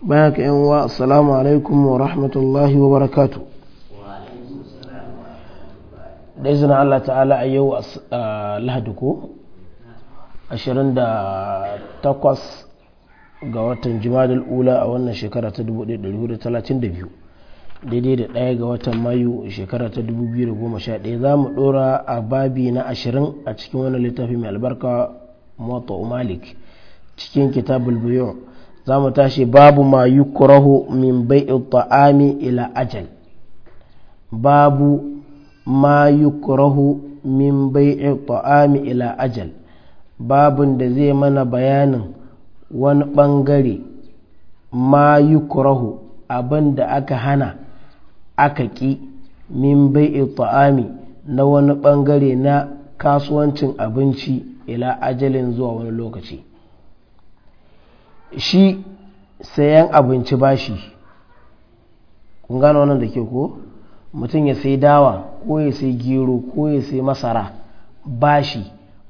bayan ka yanwa assalamu alaikum wa rahmatullahi wa barakatu da izinin Allah ta'ala a yau lahadi ko 28 ga watan jimadar ula a wannan shekara ta daidai da ɗaya ga watan mayu shekara ta 2011 za mu ɗora a babi na ashirin a cikin wani littafi mai albarka mota malik cikin kitabul buyon za mu tashi babu ma yi kurahu min bai ta'ami ila ajal babu ma kurahu min bai ta'ami ila ajal babun da zai mana bayanin wani ɓangare ma kurahu abin da aka hana aka ƙi min bai ta'ami na wani ɓangare na kasuwancin abinci ila ajalin zuwa wani lokaci shi sayan abinci bashi kun gano wannan da ke ko mutum ya sai dawa ko ya sai gero ko ya sai masara bashi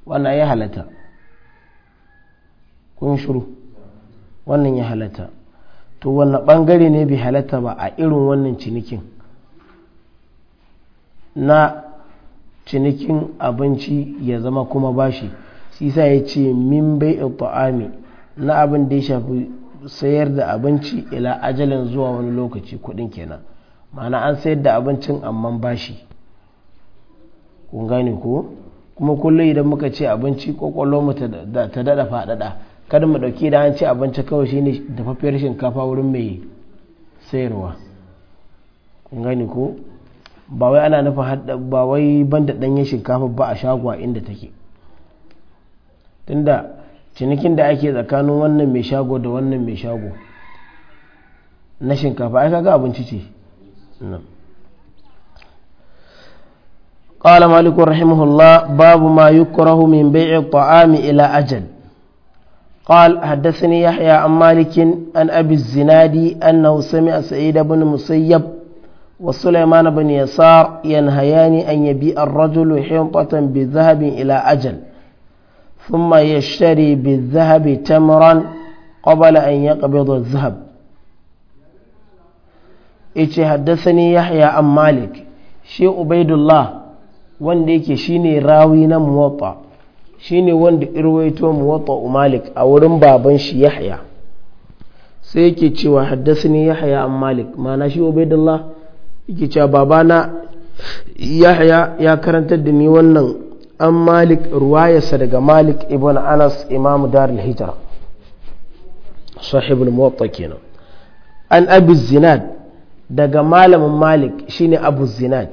wannan ya halatta kun shuru wannan ya halatta to wannan bangare ne bai halatta ba a irin wannan cinikin na cinikin abinci ya zama kuma bashi sisa ya ce min bai ta'ami na abin da ya shafi sayar da abinci ila ajalin zuwa wani lokaci kudin kenan mana an sayar da abincin amma bashi kun gane ko kuma kullum idan muka ce abinci kwakwalo mu ta dada faɗaɗa kada mu ɗauki da an ce abinci kawai shine dafaffiyar shinkafa wurin mai sayarwa kun gane ko ba wai ana nufin hadda ba wai banda ɗanyen shinkafa ba a shagwa inda take tunda cinikin da ake tsakanin wannan mai shago da wannan mai shago na shinkafa aka ga abinci ce ƙawar malikun rahimahullah babu ma yi ƙorahu min bai ƙwa'ami ila ajal ƙawar haddasa ne ya an malikin an abu zinadi an na a sayi musayyab wa sulaimana bani ya sa yana hayani an yabi an rajulu hiyan ƙwatan bai zahabin ila ajal ثم يشتري بالذهب تمرا قبل أن يقبض الذهب إيش حدثني يحيى عن مالك شيء عبيد الله wanda yake shine rawi na muwatta shine wanda irwaito muwatta malik a wurin baban shi yahya sai yake cewa haddasani yahya an malik mana shi ubaidullah yake cewa babana yahya ya karantar da ni wannan an malik ruwayarsa daga malik ibn anas imamu darul hijra sahibul muwatta kenan an abu zinad daga malamin malik shine abu zinad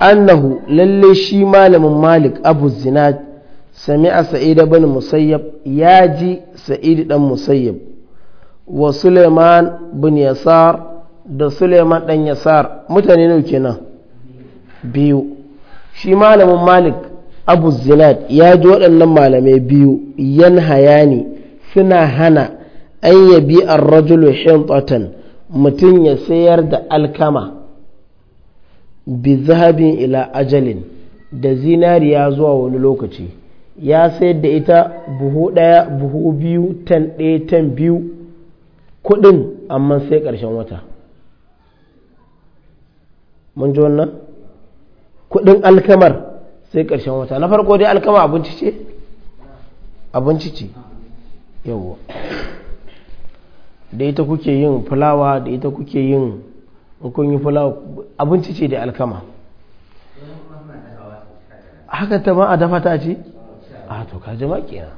annahu lalle shi malamin malik abu zinad sami'a sa'id ibn musayyab ji sa'idi dan musayyab wa suleiman bin yasar da suleiman dan yasar mutane nau kenan biyu shi malamin malik abu zinad ya ji waɗannan malamai biyu yan hayani suna hana an yabi arrajulu shimfatan mutum ya sayar da alkama bi zahabin ila ajalin da zinariya zuwa wani lokaci ya sayar da ita buhu ɗaya buhu biyu tan ɗaya tan biyu kuɗin amma sai ƙarshen wata mun ji wannan kudin alkamar sai ƙarshen wata na farko dai alkama abinci ce abinci ce yawo da ita kuke yin fulawa da ita kuke yin kun yi fulawa abinci ce da alkama haka ta ma a dafa ta ce a to ka jima kenan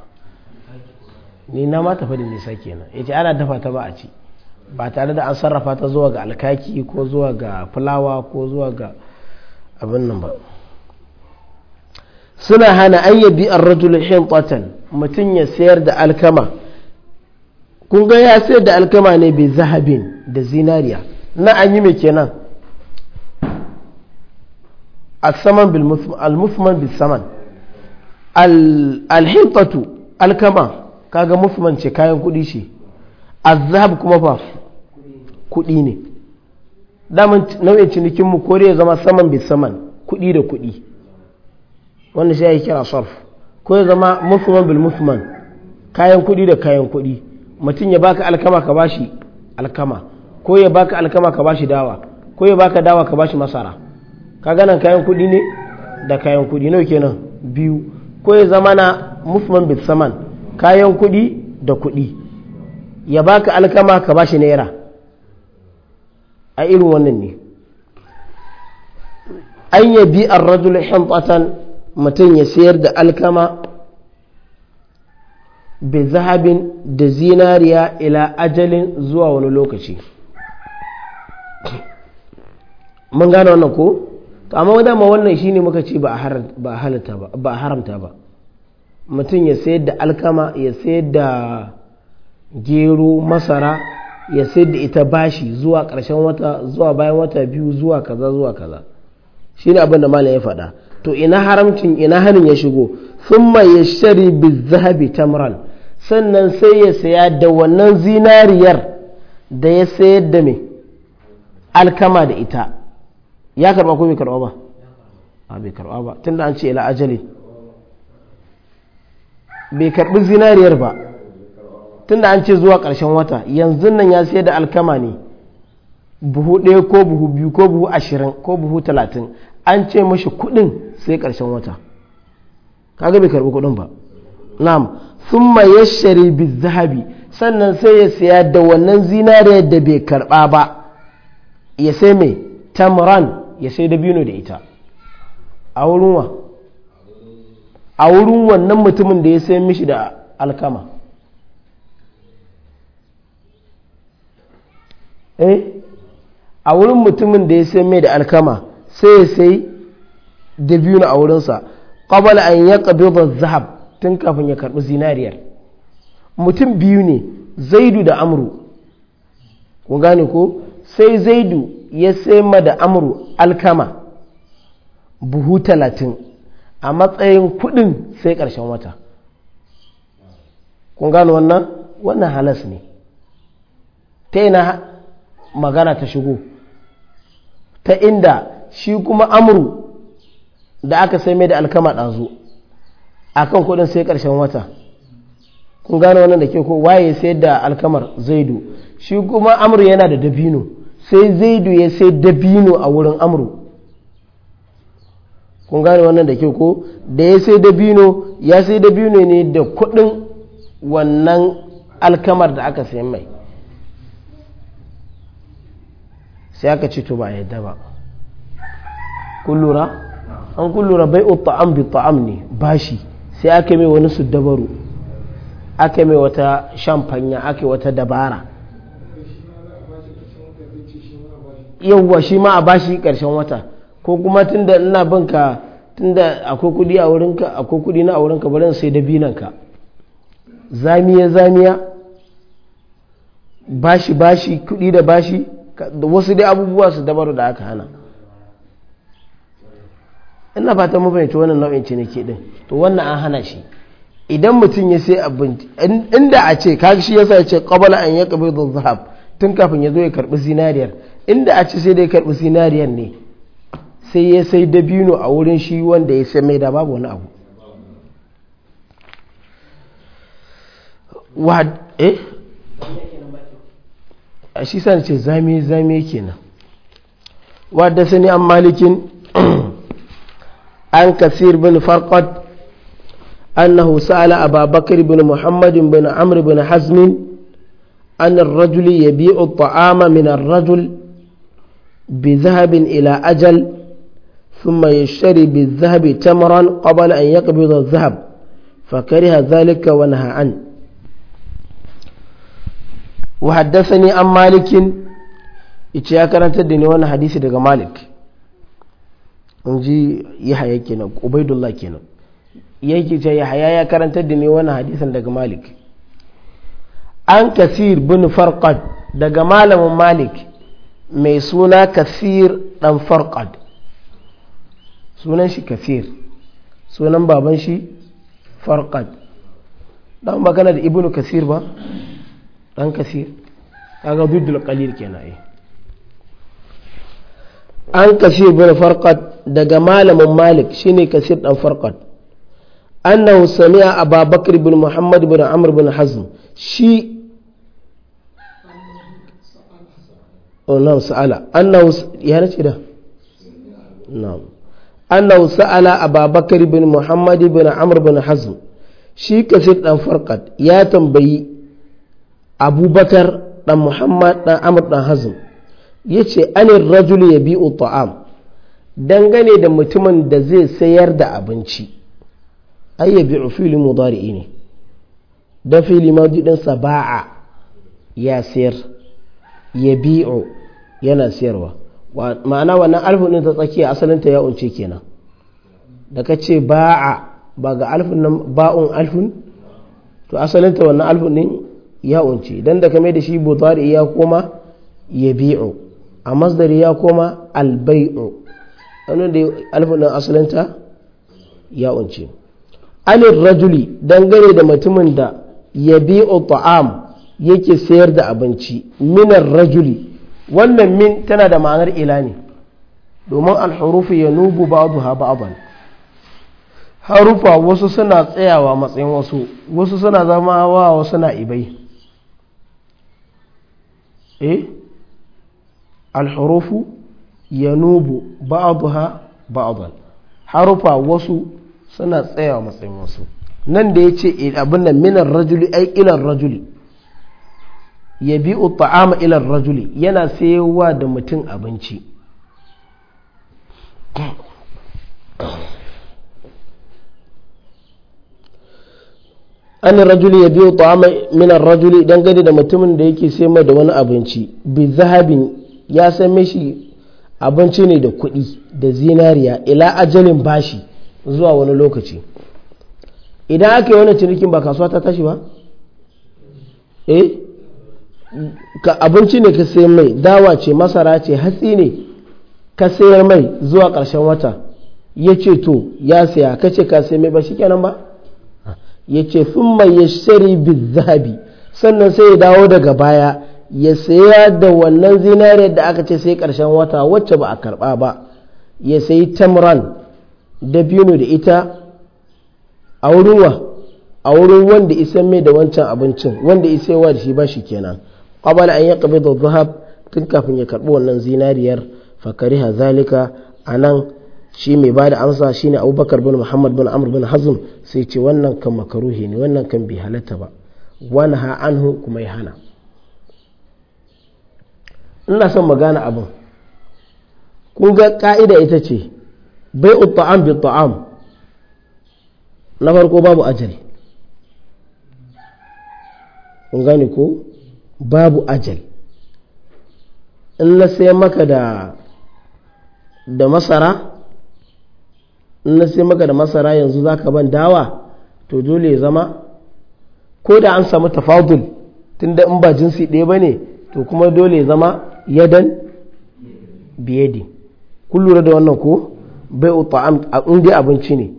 ni na ma tafi da nisa kenan ya eh, ce ana dafa ta ba a ci ba tare da an sarrafa ta zuwa ga alkaki ko zuwa ga fulawa ko zuwa ga abin nan ba suna hana an yabi an rajul hinqatan mutum ya sayar da alkama kun ga ya sayar da alkama ne bai zahabin da zinariya na an yi mai kenan al-saman bil al-musman bil saman al hintatu alkama kaga musman ce kayan kudi ce azhab kuma ba kudi ne daman nau'in cinikin mu ko ya zama saman bi saman kuɗi da kuɗi wanda shi ya kira sarf ko ya zama musman bil musman kayan kuɗi da kayan kuɗi mutum ya baka alkama ka bashi alkama ko ya baka alkama ka bashi dawa ko ya baka dawa ka bashi masara ka ganan kayan kuɗi ne da kayan kuɗi nau kenan biyu ko ya zama na musman bil saman kayan kuɗi da kuɗi ya baka alkama ka bashi naira a irin wannan ne an yabi bi an mutum ya sayar da alkama bi zahabin da zinariya ila ajalin zuwa wani lokaci mun gane wannan ko to amma wadda ma wannan shine muka ce ba a haramta ba mutum ya sayar da alkama ya sayar da gero masara ya sayar da ita bashi zuwa ƙarshen wata zuwa bayan wata biyu zuwa kaza zuwa kaza shi ne abin malam ya faɗa to ina haramcin ina hannun ya shigo sun ya shari bizahabi tamran sannan sai ya saya da wannan zinariyar da ya sayar da me alkama da ita ya karba ko bai karba ba a bai karba ba tunda an ce ila ajali bai karbi zinariyar ba tunda an ce zuwa ƙarshen wata yanzu nan ya sayar da alkama ne buhu ɗaya ko buhu biyu ko buhu ashirin ko buhu talatin an ce mashi kuɗin sai ƙarshen wata kaga bai karɓi kuɗin ba na'am shari bi zahabi sannan sai ya saya da wannan zinare da bai karɓa ba ya sai mai tamran ya sai dabino da ita a wurin a wurin wannan mutumin da ya sai mishi da alkama eh a wurin mutumin da ya sai mai da alkama sai ya sai da biyu na a wurinsa qabala an ya qabida zahab tun kafin ya karɓi zinariyar mutum biyu ne zaidu da amru ku gane ko sai zaidu ya sai ma da amru alkama buhu talatin a matsayin kuɗin sai ƙarshen wata kun gane wannan wannan halas ne ta na magana ta shigo ta inda shi kuma amru da aka sai mai da alkama ɗazu a kan kudin sai ƙarshen wata kun gane wannan da ke ko waye sai da alkamar zaidu shi kuma amru yana da dabino sai zaidu ya sai dabino a wurin amru kun gane wannan da ke ko da ya sai dabino ya sai dabino ne da kudin wannan alkamar da aka sai mai sai aka ce to ba a yadda ba kullura an kullura bai ta'am bi ta'am ne bashi sai aka mai wani su dabaru aka mai wata shamfanya aka wata dabara yawwa shi ma a bashi karshen wata ko kuma tunda ina tun tunda akwai kudi a wurinka akwai kudi na a wurinka bari sai da ka zamiya zamiya bashi bashi kudi da bashi wasu dai abubuwa su dabaru da aka hana ina fatan mun fahimci wannan nau'in ciniki din to wannan an hana shi idan mutum ya sai abinci inda a ce kaga shi yasa ya ce qabala an ya qabidu zahab tun kafin ya zo ya karbi zinariyar inda a ce sai dai ya karbi zinariyar ne sai ya sai dabino a wurin shi wanda ya sai mai da babu wani abu eh a shi sa ce zame-zame kenan wadda su ne an malikin an kasir bin farkot an na husala a babakar bin muhammadin bin amur bin hasmin an rajuli ya bi ta'ama min rajul bi zahabin ila ajal ثم يشتري بالذهب تمرا قبل أن يقبض الذهب فكره ذلك ونهى عنه wa ni an malikin ice ya da ni wani hadisi daga malik in ji yahaya kenan ubaidullah kenan ce ya da wani daga malik an kasir bin farqad daga malamin malik mai suna kasir dan farkad sunan shi kasir sunan baban shi farqad dan magana da ibnu kasir ba ɗan kasir kaga duddul qalil kenan eh an kasir bin farqat daga malamin malik shine kasir dan farqat annahu sami'a ababakar bin muhammad bin amr bin hazm shi نعم oh, sa'ala annahu ya nace da na'am annahu sa'ala bin muhammad bin amr bin hazm shi kasir dan farqat ya tambayi abubakar ɗan muhammad ɗan amur ɗan hazin ya ce anin rajul ya bi ta'am dangane da mutumin da zai sayar da abinci ai ya bi'u fili mudari ne don fili sa ba'a ya sayar ya bi'u yana sayarwa ma'ana wannan alfin ta tsakiya asalinta ya unce kenan da ka ce ba'a ba ga alfin nan ba'un alfin to asalinta wannan alfin ya unce dan da kame da shi budari ya koma yabi'u a masdari ya koma albai'u wannan da alfunan asalinta ya unce alin rajuli dangane da mutumin da yabi'u ta'am yake sayar da abinci minar rajuli wannan min tana da ma'anar ila ne domin alhurufu ya nubu ba'duha ba'dan harufa wasu suna tsayawa matsayin wasu wasu suna zama wa wasu na ibai eh alhurufu yanubu ba'daha ba'dan harufa wasu suna tsayawa matsayin wasu nan da ya ce abin nan minar rajuli ai ilar rajuli ya bi ta'ama ilar rajuli yana sayowa da mutum abinci an rajuli ya biyo ta'ama min rajuli gani da mutumin da yake sai mai da wani abinci bi zahabin ya san mishi abinci ne da kuɗi da zinariya ila ajalin bashi zuwa wani lokaci idan aka yi wani cinikin ba kasuwa ta tashi ba eh ka abinci ne ka sayar mai dawa ce masara ce hatsi ne ka sayar mai zuwa ƙarshen wata ya ce to ya saya ka ce ka sayar mai ba shi kenan ba ya ce thumma shari zahabi sannan sai ya dawo daga baya ya saya da wannan zinariyar da aka ce sai karshen wata wacce ba a karba ba ya sayi tamran da biyu da ita a wurin wa a wurin wanda isan mai da wancan abincin wanda wa da shi ba shi kenan qabala an yi da dhahab tun kafin ya karbi wannan zinariyar fakari ha zalika nan. shi mai bada amsa shi ne abubakar bin muhammad bin amr bin hazm sai ce wannan kan makaruhi ne wannan kan bai halatta ba wani ha anhu kuma ya hana ina son magana abin kun ga ka'ida ita ce bai ta'am bi ta'am na farko babu ajali kun gane ko babu ajali in na sai maka da masara in na sai maka da masara yanzu zaka ban dawa to dole ya zama ko da an samu tafadul tunda in ba jinsi ɗaya ba ne to kuma dole ya zama yadan biyadi kun lura da wannan ko bai uta'am a inda abinci ne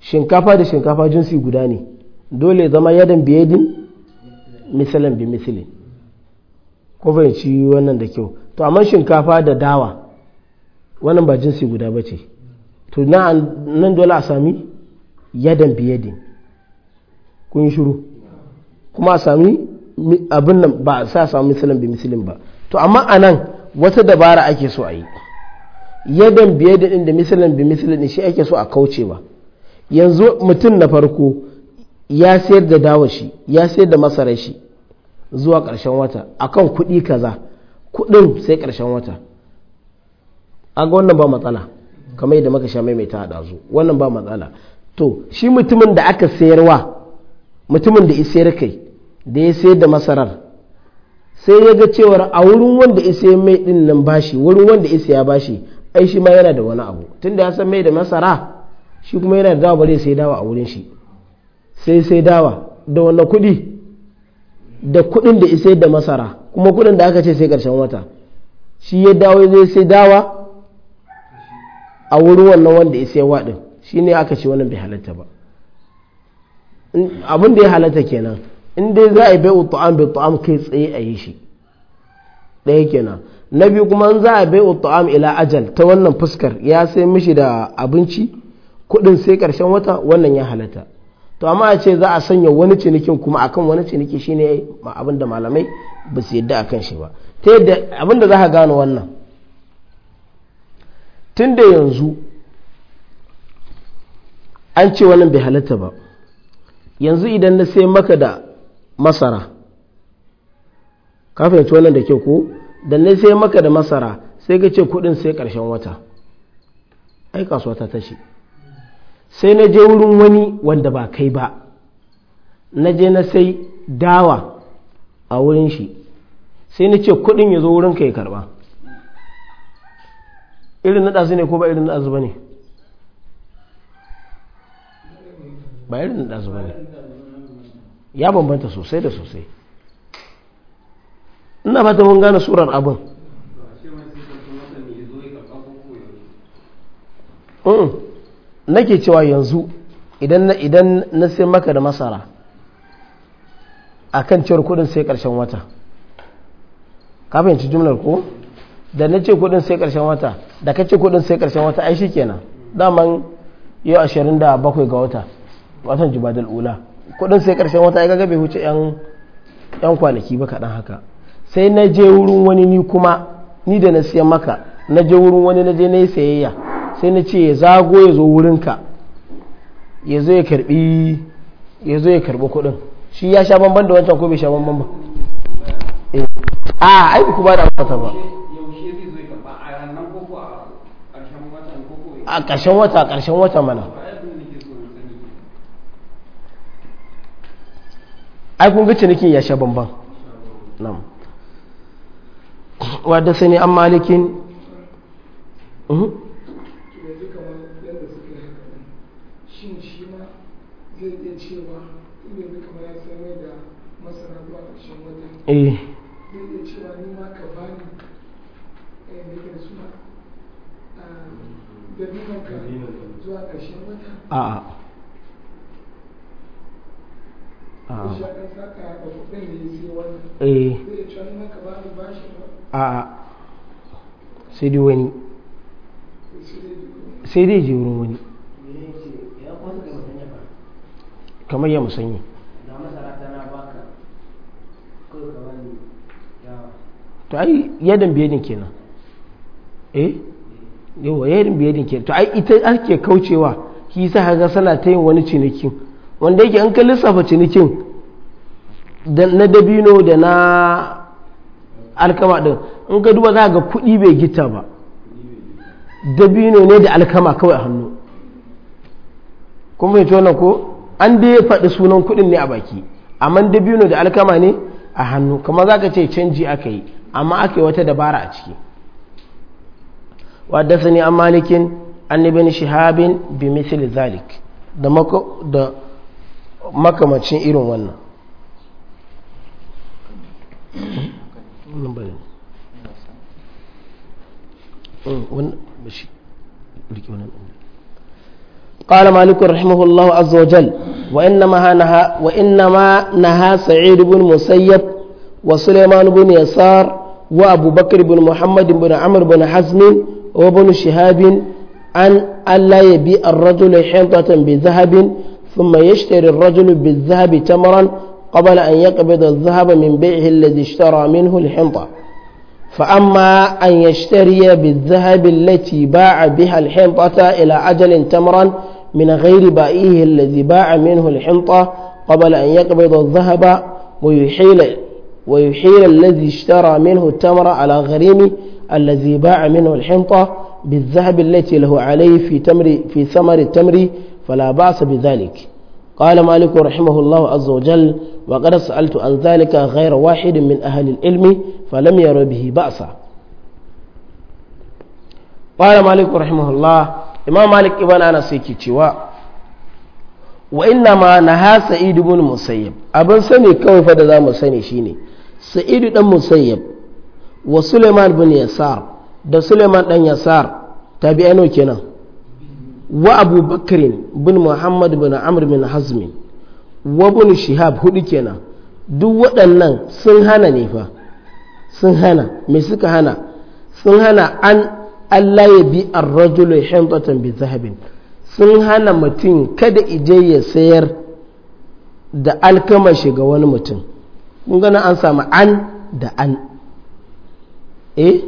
shinkafa da shinkafa jinsi guda ne dole zama yadan biyadin misalin bi misalin ko fahimci wannan da kyau to amma shinkafa da dawa wannan ba jinsi guda ba ce to nan dole a sami yadan biyadin kun shuru kuma a sami abin nan ba a sa sami misalin bi misalin ba to amma a nan wata dabara ake so a yi yadan biyadin da misalin bi misalin shi ake so a kauce ba yanzu mutum na farko ya sayar da dawashi ya sayar da masarar shi zuwa ƙarshen wata akan kuɗi kaza kuɗin sai karshen wata a ga wannan ba matsala kamar yadda maka sha maimaita a ɗazu wannan ba matsala to shi mutumin da aka sayarwa mutumin da isayar kai da ya sayar da masarar sai ya ga cewar a wurin wanda isa mai ɗin nan bashi wurin wanda isa ya bashi ai shi ma yana da wani abu tun da ya san mai da masara shi kuma yana da dawa sai dawa a wurin shi sai sai dawa da wannan kuɗi da kuɗin da isa da masara kuma kuɗin da aka ce sai ƙarshen wata shi ya dawo zai sai dawa a wurin wannan wanda ya sai waɗin shi ne aka ce wannan bai halatta ba abin da ya halatta kenan in dai za a yi bai'u ta'am bai ta'am kai tsaye a yi shi ɗaya kenan na biyu kuma in za a bai'u ta'am ila ajal ta wannan fuskar ya sai mishi da abinci kuɗin sai karshen wata wannan ya halatta to amma a ce za a sanya wani cinikin kuma akan wani ciniki shine abin da malamai ba su yadda akan shi ba ta yadda abin da za ka gano wannan tun da yanzu an ce wannan bai halatta ba yanzu idan na sai maka da masara kafin fahimci wannan da ke ko da na sai maka da masara sai ka ce kudin sai karshen wata ai kasuwa ta tashi sai na je wurin wani wanda ba kai ba na je na sai dawa a wurin shi sai na ce kudin ya zo wurin ka ya karba irin na ɗazu ne ko ba irin na ɗazu ba ne ba irin na ɗazu ba ne ya bambanta sosai da sosai ina ba ta mun gane surar abin mm. nake cewa yanzu idan na sai maka da masara a kan cewar kudin sai karshen wata ka fahimci jumlar ko? da na ce kudin sai karshen wata da ka ce kudin sai karshen wata ai shikenan daman yau ashirin da bakwai ga wata watan jibadal ula kudin sai karshen wata ai kaga bai huce yan yan kwanaki ba kaɗan haka sai na je wurin wani ni kuma ni da na siyan maka na je wurin wani na je na yi sayayya sai na ce ya zago ya zo wurinka ya zo ya karbi ya zo ya karbi kudin shi ya sha bamban da wancan ko bai sha bamban ba eh. a aiki ku da amsa ba a ƙarshen wata ƙarshen wata mana aikun kun ga cinikin ya sha bambam nan wadda sani an malikin mhm. eh a'a eh. a'a sai dai wani sai dai ji wurin wani kamar ya musanyi to ai yadin biyadin kenan eh yawa yadin biyadin kenan to ai ita ake kaucewa ki sa ga suna ta yin wani ciniki wanda yake an ka lissafa cinikin na dabino da na alkama din in ka duba za ga kuɗi bai gita ba dabino ne da alkama kawai a hannu kuma fahimci wannan ko an dai faɗi sunan kuɗin ne a baki amma dabino da alkama ne a hannu kamar za ka ce canji aka yi amma aka yi wata dabara a ciki wadda sani an malikin an ibn shihabin bi mithli zalik da da makamacin irin wannan قال مالك رحمه الله عز وجل وإنما نهى وإنما نهى سعيد بن مسيب وسليمان بن يسار وأبو بكر بن محمد بن عمرو بن حزم وابن شهاب أن ألا يبيع الرجل حنطة بذهب ثم يشتري الرجل بالذهب تمرا قبل أن يقبض الذهب من بيعه الذي اشترى منه الحنطة فأما أن يشتري بالذهب التي باع بها الحنطة إلى أجل تمرا من غير بائيه الذي باع منه الحنطة قبل أن يقبض الذهب ويحيل ويحيل الذي اشترى منه التمر على غريمه الذي باع منه الحنطة بالذهب التي له عليه في تمر في ثمر التمر فلا بأس بذلك قال مالك رحمه الله عز وجل وقد سألت عن ذلك غير واحد من أهل العلم فلم ير به بأسا قال مالك رحمه الله إمام مالك ابن أنس يكي وإنما نهى سعيد بن مسيب أبن سني كوي فدا مسني شيني سعيد بن مسيب وسليمان بن يسار da suleiman dan yasar tabi'ano kenan wa abu bakrin bin muhammad bin amr bin hazmi wa bin shihab hudu kenan duk waɗannan sun hana ne fa sun hana me suka hana sun hana an Allah ya bi ar-rajulu hintatan bi zahabin sun hana mutum kada ije ya sayar da alkama ga wani mutum kun gana an samu an da an eh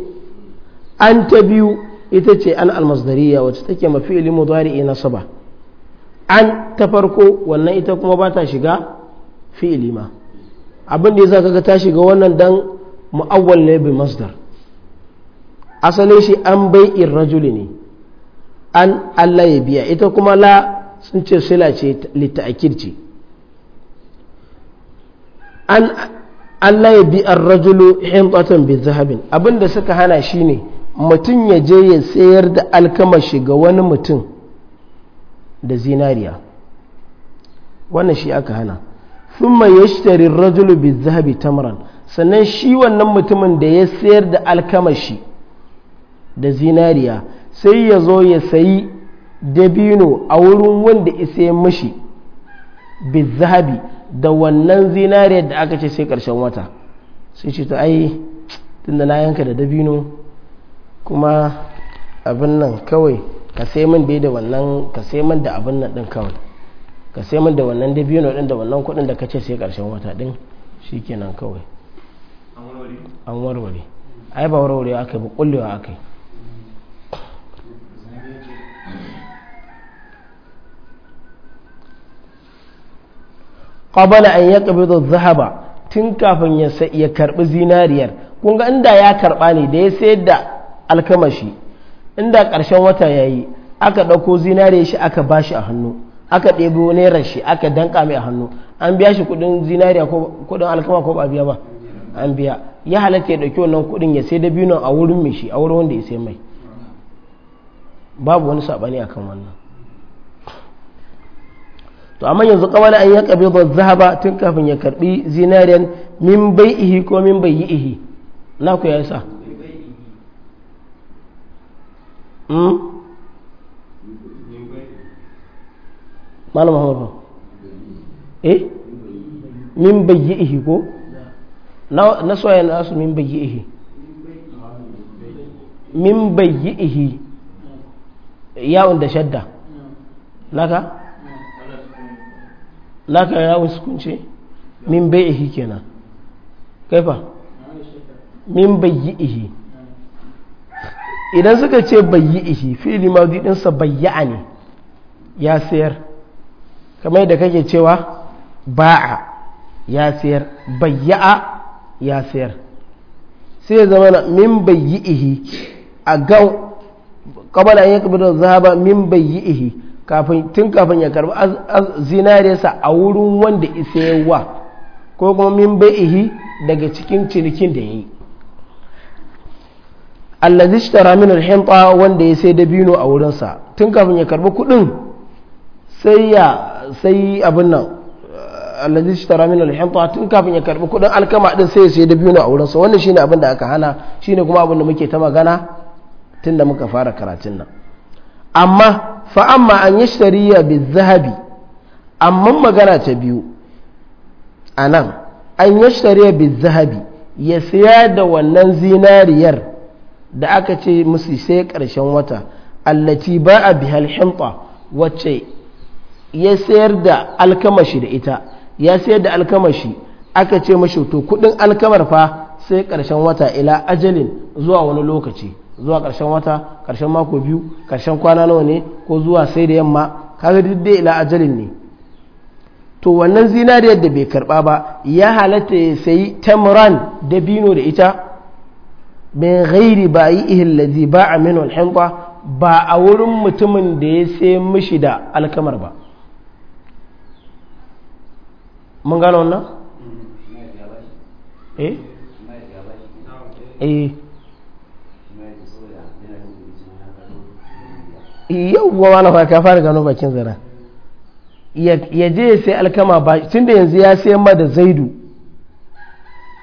an ta biyu ita ce an almasdariya wacce take mafi ilin mudari nasaba an ta farko wannan ita kuma ba ta shiga fi ilima abin da ya zaka ta shiga wannan dan mu'awwal ne bi masdar asalin shi an bai'in rajuli ne an Allah ya biya ita kuma la sun ce sila ce litta'akid ce an Allah ya bi rajulu hintatan bi zahabin abin da suka hana shi ne. mutum ya je ya sayar da alkamashi ga wani mutum da zinariya wannan shi aka hana sun mai ya shi rajulu bi zahabi tamran sannan shi wannan mutumin da ya sayar da alkamashi da zinariya sai ya zo ya sayi dabino a wurin wanda isa ya mashi bi zahabi da wannan zinariya da aka ce sai karshen wata sai ce ta ai tunda na yanka da dabino kuma abin nan kawai ka sai min bai da wannan ka sai min da abin nan din kawai ka sai min da wannan biyo din da wannan kuɗin da kace sai karshen wata din shikenan kawai an warware ai ba warware aka ba kullewa aka yi qabala an yaqbidu adh-dhahaba tun kafin ya karbi zinariyar kun ga inda ya karba ne da ya sayar da alkamashi inda ƙarshen wata ya yi aka ɗauko zinare shi aka ba shi a hannu aka ɗebo naira shi aka danka mai a hannu an biya shi kuɗin zinariya ko kuɗin alkama ko ba biya ba an biya ya halatta ya ɗauki wannan kuɗin ya sai da dabino a wurin mai shi a wurin wanda ya sai mai babu wani saɓani a kan wannan to amma yanzu kawai an haƙa biyu ba zahaba tun kafin ya karɓi zinariyan min bai ihi ko min bai ihi na ku ya yi sa Hmm? malam muhammad ba eh min ihi ko na soya na su min ihi min ihi yawon da shadda naka naka yawon sukunce min ihi kenan fa min ihi. idan suka ce bayyi'ihi fi'li ɗinsa dinsa bayya'a ne ya sayar kamar yadda kake cewa ba'a ya sayar bayya'a ya sayar sai ya zama min ihi a ga da an yi kabilar zahaba min bayyi'ihi kafin tun kafin ya karbi sa a wurin wanda isa yawa ko kuma min ihi daga cikin cinikin da ya yi allazi shtara min alhinta wanda ya sai dabino a wurinsa tun kafin ya karbi kudin sai ya sai abin nan allazi shtara min alhinta tun kafin ya karbi kudin alkama din sai ya sai dabino a sa wannan shine abin da aka hana shine kuma abin da muke ta magana tun da muka fara karatun nan amma fa amma an yashtariya bizahabi amma magana ta biyu anan an yashtariya bizahabi ya siya da wannan zinariyar da aka ce musu sai ƙarshen wata allati ba a bihal himta wacce ya sayar da alkamashi da ita ya sayar da alkamashi aka ce mashi to kudin alkamar fa sai ƙarshen wata ila ajalin zuwa wani lokaci zuwa ƙarshen wata ƙarshen mako biyu ƙarshen kwana nawa ne ko zuwa sai da yamma kaga duk dai ila ajalin ne to wannan zinariyar da bai karba ba ya halatta ya sayi tamran dabino da ita min ghairi ba ba'ihi allazi ba a al-hinta ba a wurin mutumin da ya sai mishi da alkamar ba mun gano wannan eh eh yau gwamna na faka fara gano bakin zara ya je ya sai alkama ba tunda yanzu ya sai ma da zaidu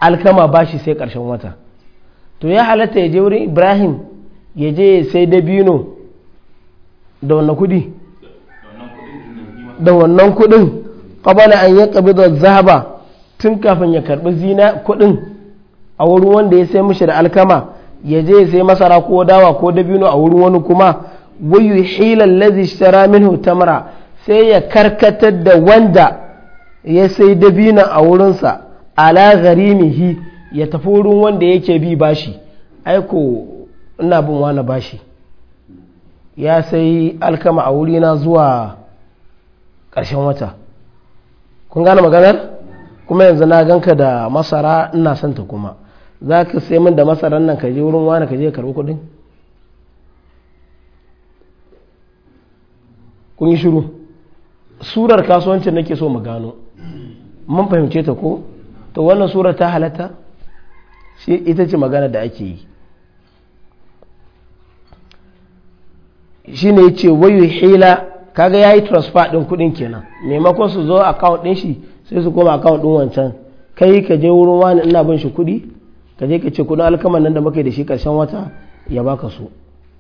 alkama ba shi sai karshen wata to ya halatta ya je wurin ibrahim ya je sai dabino da wannan kudi da wannan kudin kabala an yi kabi da zaba tun kafin ya karbi zina kudin a wurin wanda ya sai mishi da alkama ya je ya sai masara ko dawa ko dabino a wurin wani kuma wayu hilal ladhi ishtara minhu tamra sai ya karkatar da wanda ya sai dabino a wurinsa ala gharimihi ya tafi wurin wanda yake bi bashi aiko ina bin wani bashi ya sai alkama a wurina zuwa ƙarshen wata kun gane maganar kuma yanzu na ganka da masara ina son ta kuma za ka sai min da masaran nan ka je wurin wani ka je karɓi kuɗin kun yi shiru surar kasuwancin nake so mu gano mun fahimce ta ko to wannan surar ta halatta shi ita ce magana da ake yi shi ne ya ce wayu hila kaga ya yi transfer ɗin kuɗin kenan maimakon su zo account ɗin shi sai su koma account ɗin wancan kai ka je wurin wani ina bin shi kuɗi ka je ka ce kuɗin alkaman nan da muka da shi ƙarshen wata ya baka su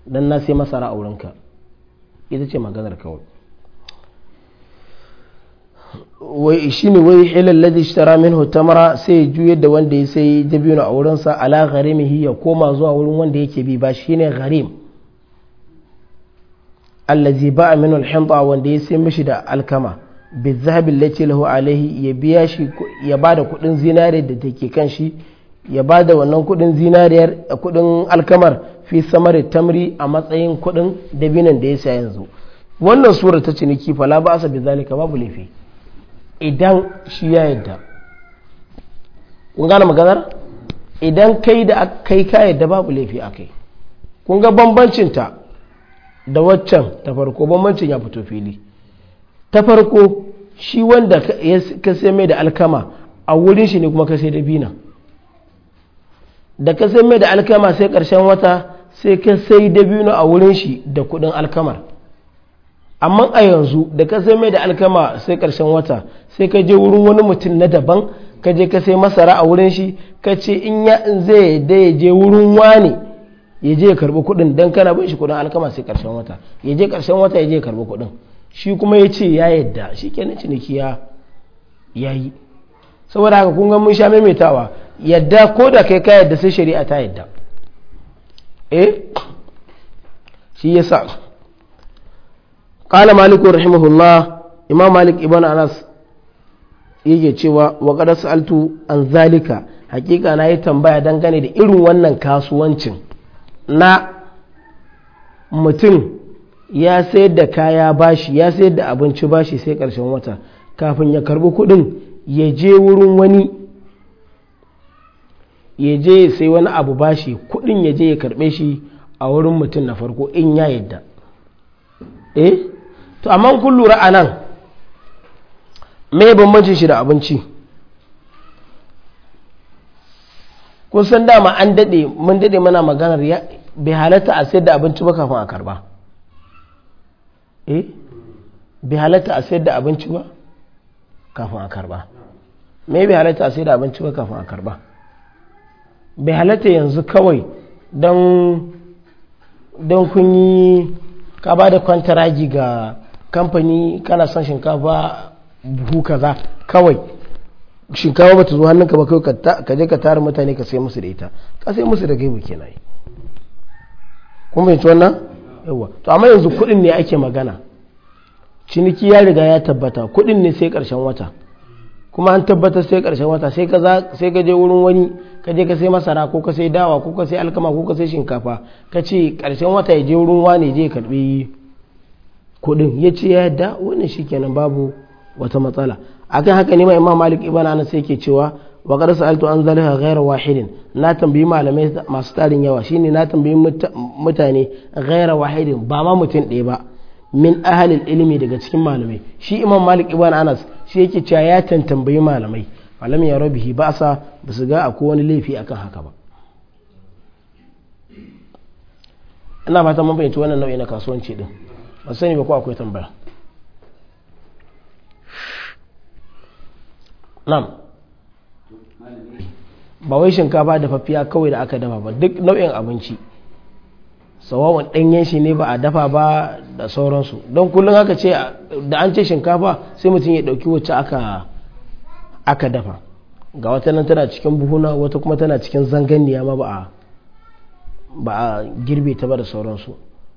don na sai masara a wurinka ita ce maganar kawai shi wai hilal ladhi ishtara minhu tamara sai juyar da wanda ya sai dabino a wurinsa ala gharimihi ya koma zuwa wurin wanda yake bi ba shine gharim allazi ba'a min al hinta wanda ya sai mishi da alkama bi zahabi lati lahu alaihi ya biya shi ya bada kudin zinare da take kan shi ya bada wannan kudin zinariyar kudin alkamar fi samari tamri a matsayin kudin dabinan da ya sai yanzu wannan sura ta ciniki fala ba asa bi zalika babu laifi idan shi ya yadda kun gane maganar idan kai da kai ka yadda babu laifi a kai kun ga bambancinta da waccan ta farko bambancin ya fito fili ta farko shi wanda ka sai mai da alkama a wurin shi ne kuma ka sai da bina da ka sai mai da alkama sai ƙarshen wata sai ka sai da bina a wurin shi da kuɗin alkamar amma a yanzu da ka sai mai da alkama sai karshen wata sai ka je wurin wani mutum na daban ka je ka sai masara a wurin shi ka ce in ya in zai da ya je wurin wani ya je ya karbi kuɗin dan kana bin shi kuɗin alkama sai karshen wata ya je karshen wata ya je ya karbi kuɗin shi kuma ya ce ya yadda shi kenan ciniki ya yi saboda haka kun ga mun sha maimaitawa yadda ko da kai ka yadda sai shari'a ta yadda eh shi yasa مالك رحمه الله imam malik ابن anas yake cewa wa qad sa'altu an zalika hakika na yi tambaya dangane da irin wannan kasuwancin na mutum ya sayar da kaya bashi ya sayar da abinci bashi sai ƙarshen wata kafin ya karbi kuɗin ya je wurin wani ya je sai wani abu bashi kuɗin ya je ya karɓe shi a wurin mutum na farko in ya yadda eh to amma kun lura a nan me bambancin shi da abinci kun san dama an daɗe mun daɗe mana maganar ya, bai halatta a sayar da abinci ba kafin a karba eh bai halatta a sayar da abinci ba kafin a karba me bai halatta a sayar da abinci ba kafin a karba bai halatta yanzu kawai don don kun yi ka ba da kwantaragi ga kamfani kana son shinkafa buhu kaza kawai shinkafa bata zo hannunka ba kawai ka je ka tara mutane ka sai musu da ita ka sai musu da gaibu kenan kun fahimci wannan yawa to amma yanzu kuɗin ne ake magana ciniki ya riga ya tabbata kuɗin ne sai ƙarshen wata kuma an tabbatar sai ƙarshen wata sai ka sai ka je wurin wani ka je ka sai masara ko ka sai dawa ko ka sai alkama ko ka sai shinkafa ka ce ƙarshen wata ya je wurin wani je karɓi kudin ya ce ya yadda shi kenan babu wata matsala akan haka ne ma imam malik ibn anas yake cewa wa qad sa'altu an zalika ghayra wahidin na tambayi malamai masu tarin yawa shine na tambayi mutane ghayra wahidin ba ma mutum ɗaya ba min ahalil ilimi daga cikin malamai shi imam malik ibn anas shi yake cewa ya tantambayi malamai malamai ya rabihi ba sa ba su ga akwai wani laifi akan haka ba ina fata mun fahimci wannan nau'i na kasuwanci din ba sani ba ko akwai tambaya nan ba wai shinkafa dafaffiya kawai da aka dafa ba duk nau'in abinci sawawan ɗanyen shi ne ba a dafa ba da sauransu don kullum haka ce da an ce shinkafa sai mutum ya ɗauki wacce aka dafa ga wata nan tana cikin buhuna wata kuma tana cikin zanganiya ma ba a girbe ta ba da sauransu